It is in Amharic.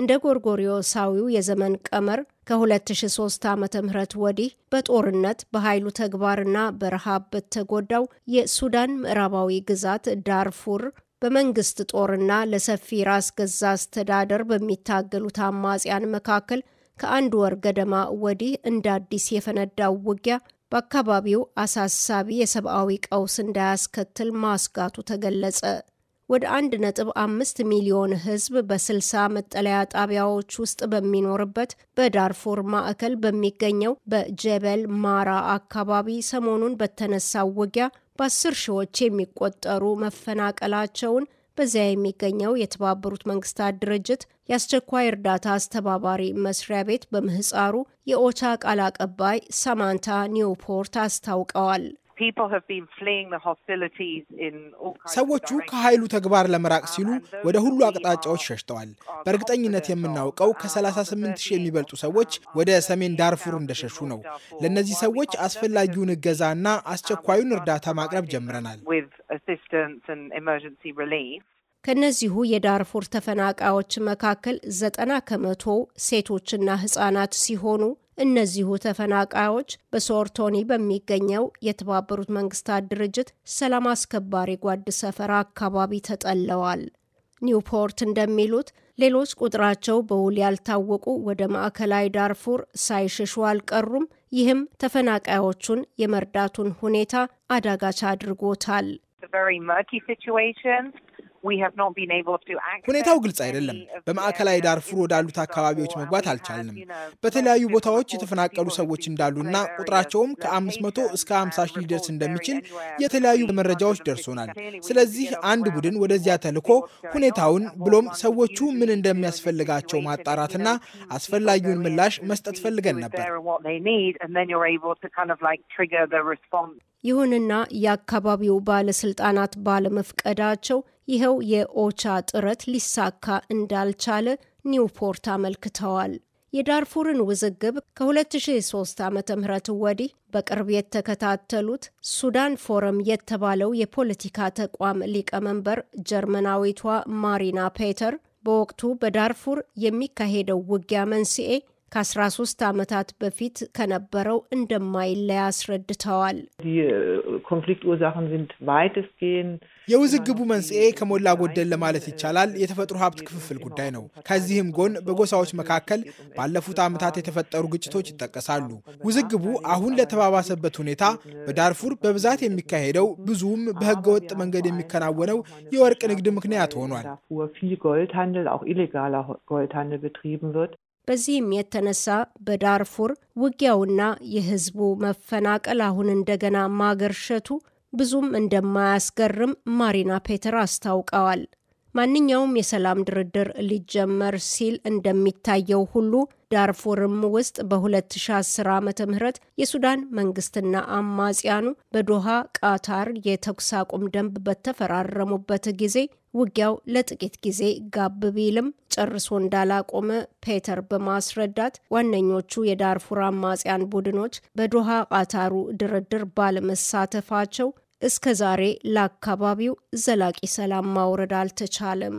እንደ ጎርጎሪዮሳዊው የዘመን ቀመር ከ2003 ዓ ም ወዲህ በጦርነት በኃይሉ ተግባርና በረሃብ በተጎዳው የሱዳን ምዕራባዊ ግዛት ዳርፉር በመንግስት ጦርና ለሰፊ ራስ ገዛ አስተዳደር በሚታገሉት አማጽያን መካከል ከአንድ ወር ገደማ ወዲህ እንደ አዲስ የፈነዳው ውጊያ በአካባቢው አሳሳቢ የሰብአዊ ቀውስ እንዳያስከትል ማስጋቱ ተገለጸ። ወደ 1.5 ሚሊዮን ህዝብ በ60 መጠለያ ጣቢያዎች ውስጥ በሚኖርበት በዳርፎር ማዕከል በሚገኘው በጀበል ማራ አካባቢ ሰሞኑን በተነሳው ውጊያ በአስር ሺዎች የሚቆጠሩ መፈናቀላቸውን በዚያ የሚገኘው የተባበሩት መንግስታት ድርጅት የአስቸኳይ እርዳታ አስተባባሪ መስሪያ ቤት በምህፃሩ የኦቻ ቃል አቀባይ ሳማንታ ኒውፖርት አስታውቀዋል። ሰዎቹ ከኃይሉ ተግባር ለመራቅ ሲሉ uh, ወደ ሁሉ አቅጣጫዎች ሸሽተዋል። በእርግጠኝነት የምናውቀው uh, ከ38 ሺህ የሚበልጡ ሰዎች ወደ ሰሜን ዳርፉር እንደሸሹ ነው። ለእነዚህ ሰዎች አስፈላጊውን እገዛና አስቸኳዩን እርዳታ ማቅረብ ጀምረናል። ከእነዚሁ የዳርፉር ተፈናቃዮች መካከል ዘጠና ከመቶ ሴቶችና ህጻናት ሲሆኑ እነዚሁ ተፈናቃዮች በሶርቶኒ በሚገኘው የተባበሩት መንግስታት ድርጅት ሰላም አስከባሪ ጓድ ሰፈራ አካባቢ ተጠለዋል። ኒውፖርት እንደሚሉት ሌሎች ቁጥራቸው በውል ያልታወቁ ወደ ማዕከላዊ ዳርፉር ሳይሸሹ አልቀሩም። ይህም ተፈናቃዮቹን የመርዳቱን ሁኔታ አዳጋች አድርጎታል። ሁኔታው ግልጽ አይደለም። በማዕከላዊ uh, ዳርፉር ወዳሉት አካባቢዎች መግባት አልቻልንም። በተለያዩ ቦታዎች የተፈናቀሉ ሰዎች እንዳሉና ቁጥራቸውም ከ500 እስከ 50 uh, ሺህ ሊደርስ እንደሚችል የተለያዩ መረጃዎች ደርሶናል። ስለዚህ አንድ ቡድን ወደዚያ ተልኮ ሁኔታውን ብሎም ሰዎቹ ምን እንደሚያስፈልጋቸው ማጣራትና አስፈላጊውን ምላሽ መስጠት ፈልገን ነበር። ይሁንና የአካባቢው ባለስልጣናት ባለመፍቀዳቸው ይኸው የኦቻ ጥረት ሊሳካ እንዳልቻለ ኒውፖርት አመልክተዋል። የዳርፉርን ውዝግብ ከ2003 ዓ ም ወዲህ በቅርብ የተከታተሉት ሱዳን ፎረም የተባለው የፖለቲካ ተቋም ሊቀመንበር ጀርመናዊቷ ማሪና ፔተር በወቅቱ በዳርፉር የሚካሄደው ውጊያ መንስኤ ከ13 ዓመታት በፊት ከነበረው እንደማይለይ አስረድተዋል። äh, የውዝግቡ መንስኤ ከሞላ ጎደል ለማለት ይቻላል የተፈጥሮ ሀብት ክፍፍል ጉዳይ ነው። ከዚህም ጎን በጎሳዎች መካከል ባለፉት ዓመታት የተፈጠሩ ግጭቶች ይጠቀሳሉ። ውዝግቡ አሁን ለተባባሰበት ሁኔታ በዳርፉር በብዛት የሚካሄደው ብዙውም በህገወጥ መንገድ የሚከናወነው የወርቅ ንግድ ምክንያት ሆኗል። በዚህም የተነሳ በዳርፉር ውጊያውና የህዝቡ መፈናቀል አሁን እንደገና ማገርሸቱ ብዙም እንደማያስገርም ማሪና ፔተር አስታውቀዋል። ማንኛውም የሰላም ድርድር ሊጀመር ሲል እንደሚታየው ሁሉ ዳርፎርም ውስጥ በ2010 ዓ ም የሱዳን መንግስትና አማጽያኑ በዶሃ ቃታር የተኩስ አቁም ደንብ በተፈራረሙበት ጊዜ ውጊያው ለጥቂት ጊዜ ጋብ ቢልም ጨርሶ እንዳላቆመ ፔተር በማስረዳት ዋነኞቹ የዳርፉር አማጽያን ቡድኖች በዶሃ ቃታሩ ድርድር ባለመሳተፋቸው እስከ ዛሬ ለአካባቢው ዘላቂ ሰላም ማውረድ አልተቻለም።